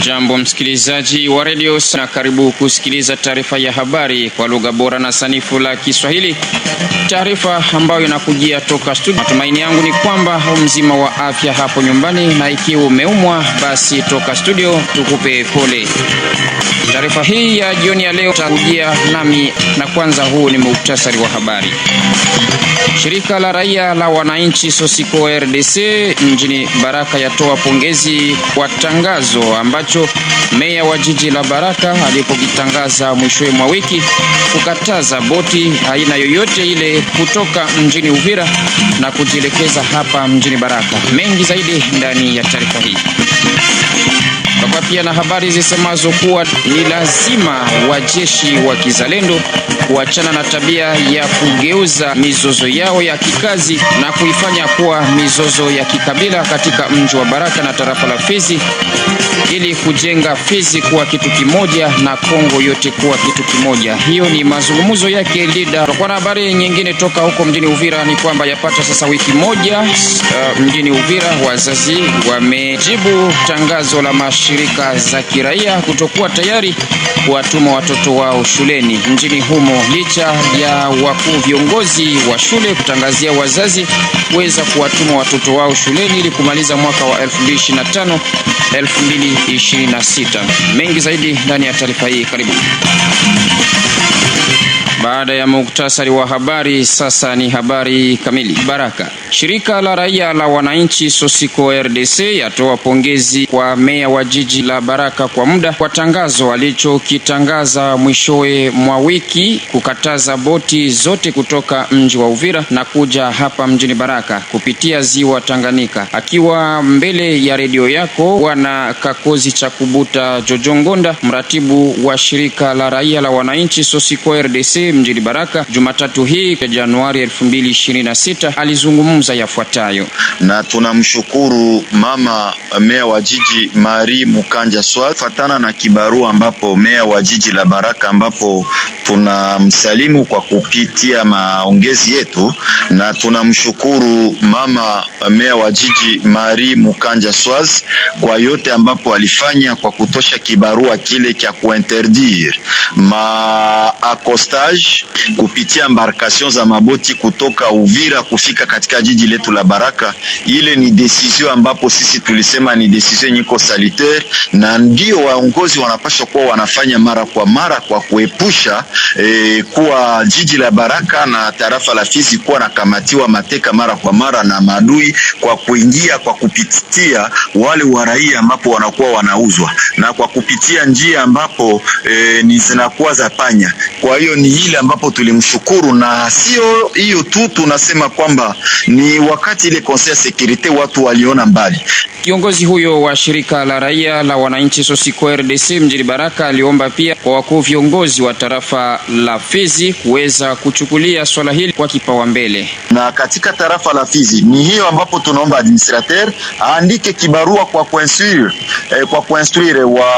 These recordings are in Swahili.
Ujambo msikilizaji wa redio na karibu kusikiliza taarifa ya habari kwa lugha bora na sanifu la Kiswahili, taarifa ambayo inakujia toka studio. Matumaini yangu ni kwamba mzima wa afya hapo nyumbani, na ikiwa umeumwa basi toka studio tukupe pole. Taarifa hii ya jioni ya leo takujia nami, na kwanza huu ni muhtasari wa habari. Shirika la raia la wananchi Sosiko RDC nchini Baraka yatoa pongezi kwa tangazo ambacho ambacho meya wa jiji la Baraka alipokitangaza mwishoni mwa wiki kukataza boti aina yoyote ile kutoka mjini Uvira na kujielekeza hapa mjini Baraka. Mengi zaidi ndani ya taarifa hii tutakuwa pia na habari zisemazo kuwa ni lazima wajeshi wa kizalendo kuachana na tabia ya kugeuza mizozo yao ya kikazi na kuifanya kuwa mizozo ya kikabila katika mji wa Baraka na tarafa la Fizi, ili kujenga Fizi kuwa kitu kimoja na Kongo yote kuwa kitu kimoja. Hiyo ni mazungumzo yake Lida. Kwa habari nyingine toka huko mjini Uvira ni kwamba yapata sasa wiki moja uh, mjini Uvira wazazi wamejibu tangazo la mashirika za kiraia kutokuwa tayari kuwatuma watoto wao shuleni mjini humo licha ya wakuu viongozi wa shule kutangazia wazazi kuweza kuwatuma watoto wao shuleni ili kumaliza mwaka wa 2025 2026 26. Mengi zaidi ndani ya taarifa hii, karibu. Baada ya muktasari wa habari, sasa ni habari kamili. Baraka. Shirika la raia la wananchi Sosiko RDC yatoa pongezi kwa meya wa jiji la Baraka kwa muda kwa tangazo alichokitangaza mwishowe mwa wiki kukataza boti zote kutoka mji wa Uvira na kuja hapa mjini Baraka kupitia ziwa Tanganyika. Akiwa mbele ya redio yako, Bwana Kaku Kikosi cha Kubuta Jojongonda, mratibu wa shirika la raia la wananchi Sosiko RDC mjini Baraka, Jumatatu hii ya Januari 2026 alizungumza yafuatayo. Na tunamshukuru mama meya wa jiji Mari Mukanja Swat fatana na kibarua ambapo meya wa jiji la Baraka ambapo tunamsalimu kwa kupitia maongezi yetu, na tunamshukuru mama meya wa jiji Mari Mukanja Swaz kwa yote ambapo walifanya kwa kutosha kibarua kile cha kuinterdire ma accostage kupitia embarkation za maboti kutoka Uvira kufika katika jiji letu la Baraka. Ile ni decision ambapo sisi tulisema ni decision yiko salitaire, na ndio waongozi wanapaswa kuwa wanafanya mara kwa mara kwa kuepusha eh, kuwa jiji la Baraka na tarafa la Fizi kuwa nakamatiwa mateka mara kwa mara na maadui kwa kuingia kwa kupitia wale wa raia ambapo wana wanakuwa wanauzwa na kwa kupitia njia ambapo e, ni zinakuwa za panya. Kwa hiyo ni ile ambapo tulimshukuru, na sio hiyo tu, tunasema kwamba ni wakati ile Conseil Securite watu waliona mbali. Kiongozi huyo wa shirika la raia la wananchi Sosiko RDC mjini Baraka aliomba pia kwa wakuu viongozi wa tarafa la Fizi kuweza kuchukulia swala hili kwa kipaumbele, na katika tarafa la Fizi ni hiyo ambapo tunaomba administrateur aandike kibarua kwa coinsure eh, kwa kuinstruire wa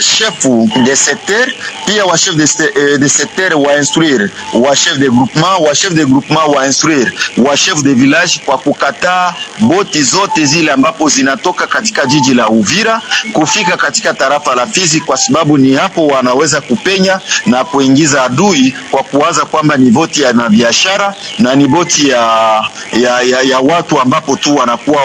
chef de secteur pia wa chef de, e, de secteur wa instruire wa chef de groupement wa chef de groupement wa instruire wa chef de village kwa kukataa boti zote zile ambapo zinatoka katika jiji la Uvira kufika katika tarafa la Fizi, kwa sababu ni hapo wanaweza kupenya na kuingiza adui kwa kuwaza kwamba ni boti ya biashara na ni boti ya, ya, ya, ya watu ambapo tu wanakuwa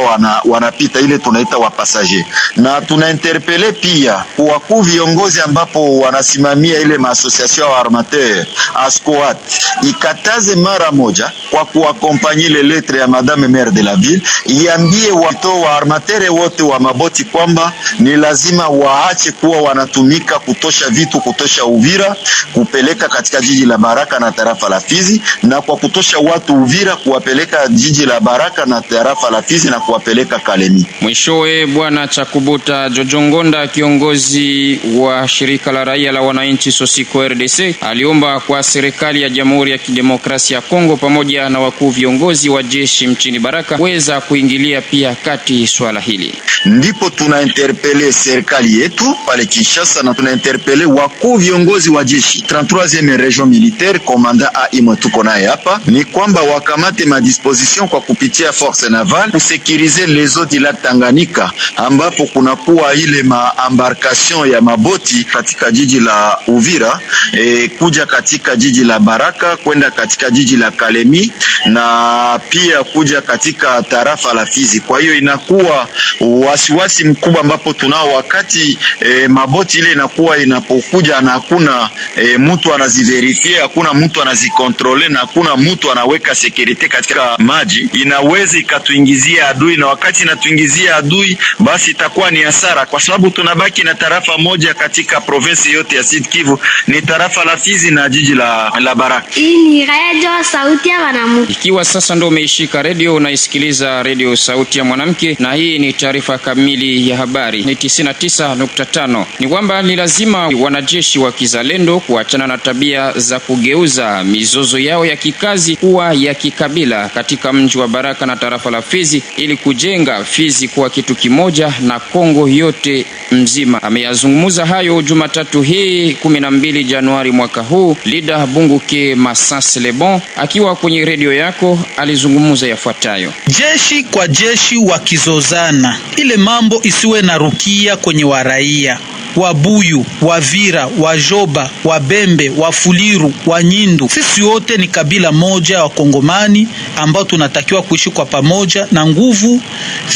wanapita ile tunaita wapasager na tunainterpele pia wakuu viongozi ambapo wanasimamia ile maasosiasio ya armateur ASCOAT ikataze mara moja kwa kuakompanye le letre ya madame maire de la ville, iambie wato wa armatere wote wa maboti kwamba ni lazima waache kuwa wanatumika kutosha vitu kutosha Uvira kupeleka katika jiji la Baraka na tarafa la Fizi, na kwa kutosha watu Uvira kuwapeleka jiji la Baraka na tarafa la Fizi na kuwapeleka Kalemi mwishowe bwana Kubuta Jojongonda, kiongozi wa shirika la raia la wananchi Sosiko RDC, aliomba kwa serikali ya Jamhuri ya Kidemokrasia ya Kongo pamoja na wakuu viongozi wa jeshi mchini Baraka weza kuingilia pia kati swala hili. Ndipo tunainterpele serikali yetu pale Kinshasa na tunainterpele wakuu viongozi wa jeshi 33e region militaire, komanda aimwe tuko naye hapa, ni kwamba wakamate madisposition kwa kupitia force navale kusekirize lezo di la Tanganyika ambapo sababu kunakuwa ile maambarkation ya maboti katika jiji la Uvira e, kuja katika jiji la Baraka kwenda katika jiji la Kalemi na pia kuja katika tarafa la Fizi. Kwa hiyo inakuwa wasiwasi mkubwa, ambapo tunao wakati e, maboti ile inakuwa inapokuja na hakuna e, mtu anaziverifie, hakuna mtu anazikontrole na hakuna mtu anaweka sekurite katika maji, inaweza ikatuingizia adui, na wakati inatuingizia adui basi ita itakuwa ni hasara, kwa sababu tunabaki na tarafa moja katika provinsi yote ya Sud Kivu, ni tarafa la Fizi na jiji la, la Baraka. Hii ni radio sauti ya mwanamke. Ikiwa sasa ndio umeishika redio, unaisikiliza redio sauti ya mwanamke, na hii ni taarifa kamili ya habari ni 99.5. Ni kwamba ni lazima wanajeshi wa kizalendo kuachana na tabia za kugeuza mizozo yao ya kikazi kuwa ya kikabila katika mji wa Baraka na tarafa la Fizi ili kujenga Fizi kuwa kitu kimoja na Kongo yote mzima. Ameyazungumza hayo Jumatatu hii 12 Januari mwaka huu. Lida Bunguke Masas Lebon akiwa kwenye redio yako alizungumza yafuatayo: jeshi kwa jeshi wakizozana, ile mambo isiwe na rukia kwenye waraia Wabuyu, Wavira, Wajoba, Wabembe, Wafuliru, Wanyindu, sisi wote ni kabila moja ya Wakongomani ambao tunatakiwa kuishi kwa pamoja, na nguvu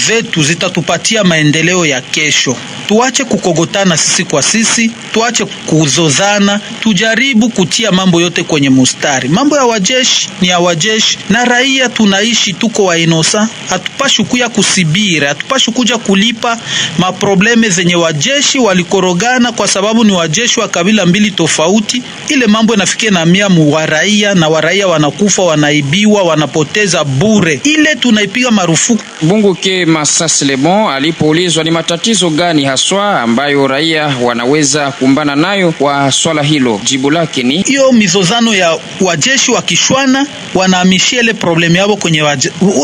zetu zitatupatia maendeleo ya kesho. Tuache kukogotana sisi kwa sisi, tuache kuzozana, tujaribu kutia mambo yote kwenye mustari. Mambo ya wajeshi ni ya wajeshi, na raia tunaishi, tuko wainosa, hatupashi kuya kusibira, hatupashi kuja kulipa maprobleme zenye wajeshi walikoro kukorogana kwa sababu ni wajeshi wa kabila mbili tofauti, ile mambo inafikia na mia muwaraia na waraia wanakufa, wanaibiwa, wanapoteza bure, ile tunaipiga marufuku. Mbunguke Masas Lebon alipoulizwa ni matatizo gani haswa ambayo raia wanaweza kumbana nayo kwa swala hilo, jibu lake ni hiyo mizozano ya wajeshi wakishwana, wanahamishia ile problemu yao kwenye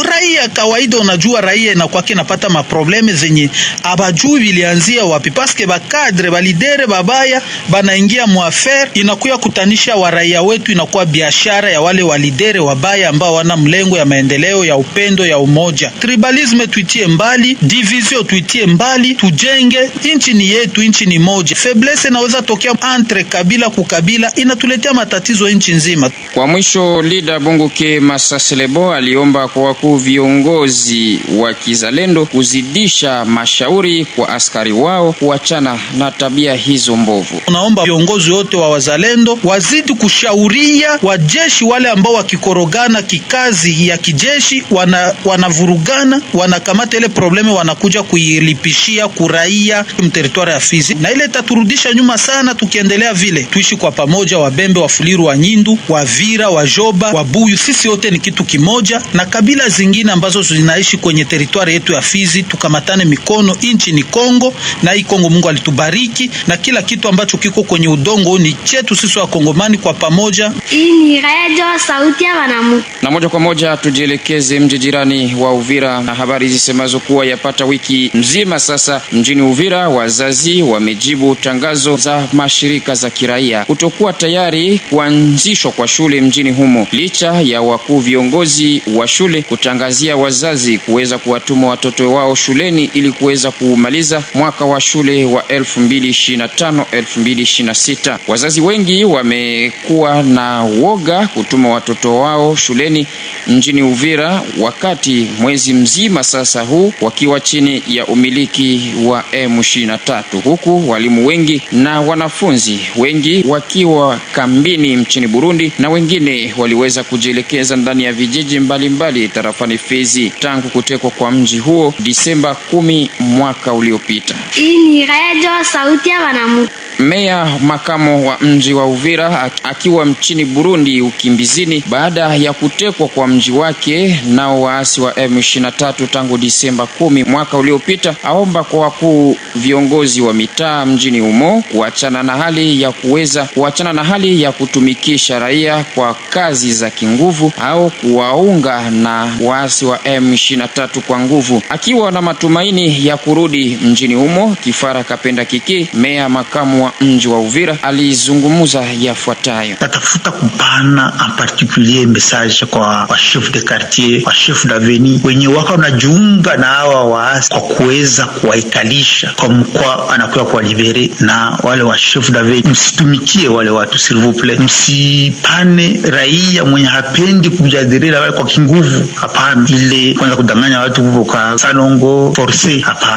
raia kawaida. Unajua raia inakwake inapata maprobleme zenye abajui vilianzia wapi paske baka padre balidere babaya banaingia muafere, inakuya kutanisha waraia wetu, inakuwa biashara ya wale walidere wabaya ambao wana mlengo ya maendeleo ya upendo ya umoja. Tribalisme tuitie mbali, divisio tuitie mbali, tujenge nchi. Ni yetu, nchi ni moja. Feblese inaweza tokea entre kabila kukabila, inatuletea matatizo nchi nzima. Kwa mwisho, Lida Bunguke Masaselebo aliomba kwa wakuu viongozi wa kizalendo kuzidisha mashauri kwa askari wao kuachana na na tabia hizo mbovu. Tunaomba viongozi wote wa wazalendo wazidi kushauria wajeshi wale ambao wakikorogana kikazi ya kijeshi wana, wanavurugana wanakamata ile probleme wanakuja kuilipishia kuraia mteritwari ya Fizi, na ile itaturudisha nyuma sana tukiendelea vile. Tuishi kwa pamoja, Wabembe, Wafuliru, Wanyindu, Wavira, Wajoba, Wabuyu, sisi wote ni kitu kimoja, na kabila zingine ambazo zinaishi kwenye teritwari yetu ya Fizi tukamatane mikono. Inchi ni Kongo na hii Kongo Mungu alitubariki kutubariki na kila kitu ambacho kiko kwenye udongo ni chetu sisi Wakongomani kwa pamoja. Hii ni radio sauti ya wanamu. Na moja kwa moja tujielekeze mji jirani wa Uvira, na habari zisemazo kuwa yapata wiki mzima sasa mjini Uvira wazazi wamejibu tangazo za mashirika za kiraia kutokuwa tayari kuanzishwa kwa shule mjini humo, licha ya wakuu viongozi wa shule kutangazia wazazi kuweza kuwatuma watoto wao shuleni ili kuweza kumaliza mwaka wa shule wa elfu 2025 2026. Wazazi wengi wamekuwa na woga kutuma watoto wao shuleni mjini Uvira wakati mwezi mzima sasa huu wakiwa chini ya umiliki wa M23, huku walimu wengi na wanafunzi wengi wakiwa kambini nchini Burundi na wengine waliweza kujielekeza ndani ya vijiji mbalimbali mbali tarafani Fizi tangu kutekwa kwa mji huo Disemba kumi mwaka uliopita. Hii ni radio sautia Banamu. Meya makamo wa mji wa Uvira akiwa mchini Burundi ukimbizini baada ya kutekwa kwa mji wake nao waasi wa M23 tangu Disemba kumi mwaka uliopita, aomba kwa wakuu viongozi wa mitaa mjini humo kuachana na hali ya kuweza kuachana na hali ya kutumikisha raia kwa kazi za kinguvu au kuwaunga na waasi wa M23 kwa nguvu. Akiwa na matumaini ya kurudi mjini humo, Kifara Kapenda Kiki, meya makamu wa mji wa Uvira alizungumza yafuatayo: tatafuta kupana en particulier message kwa wa chef de quartier wa chef daveni wenye waka wanajiunga na hawa waasi kwa kuweza kuwaikalisha kwa mkoa anakuwa kwa libere na wale wa chef daveni, msitumikie wale watu s'il vous msipane raia mwenye hapendi kujadiria wale kwa kinguvu, hapana. Ile kwanza kudanganya watu huko kwa salongo force, hapana.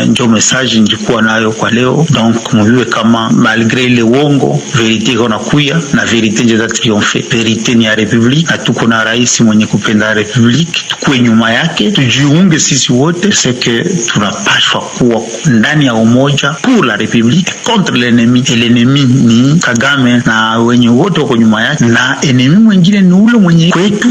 Eh, njo message nilikuwa nayo kwa leo, donc mujue kama malgre ile uongo verite iko nakuya na verite njeza triomfe. Verite ni ya republiki na na rais mwenye kupenda republiki, tukuwe nyuma yake, tujiunge sisi wote seke, tunapashwa kuwa ndani ya umoja pour la republiki contre l'ennemi. L'ennemi ni Kagame na wenye wote wako nyuma yake, na enemi mwengine ni ule mwenye kwetu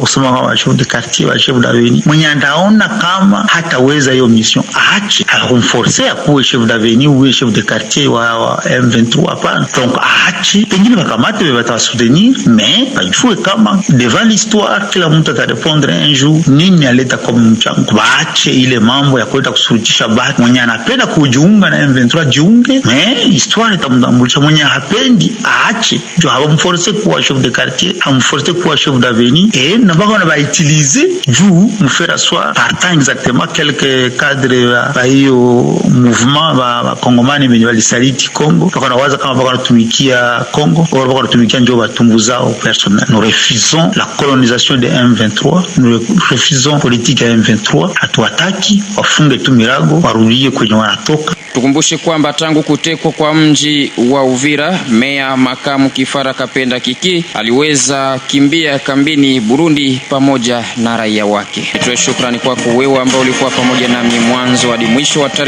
kusema kwa wachef de quartier wachef daveni mwenye andaona kama hataweza hiyo mission aache akumforse akuwe chef daveni uwe chef de quartier wa, M23 hapana. Donc achi pengine bakamate batawasutenir mais bajue kama devant l'histoire kila mtu atarepondre un jour nini aleta kwa mchango. Baache ile mambo ya kuleta kusurutisha batu. Mwenye anapenda kujiunga na M23 jiunge, mais histoire itamtambulisha. Mwenye hapendi aache, jo habamforce kuwa chef de quartier, hamforce kuwa chef d'avenue e na bako na baitilize juu mfera swa partant exactement quelque cadre ba hiyo mouvement ba, ba kongomani wenye walisaliti Kongo paka nawaza kama paka natumikia Kongo au paka natumikia njo batumbu zao personnel. Nous refusons la colonisation de M23, nous refusons politique ya M23. Hatuwataki, wafunge tu mirago, warudie kwenye wanatoka. Tukumbushe kwamba tangu kutekwa kwa mji wa Uvira, meya makamu Kifara Kapenda Kiki aliweza kimbia kambini Burundi pamoja na raia wake. Nitoe shukrani kwako wewe ambao ulikuwa pamoja nami mwanzo hadi mwisho wa taarifa.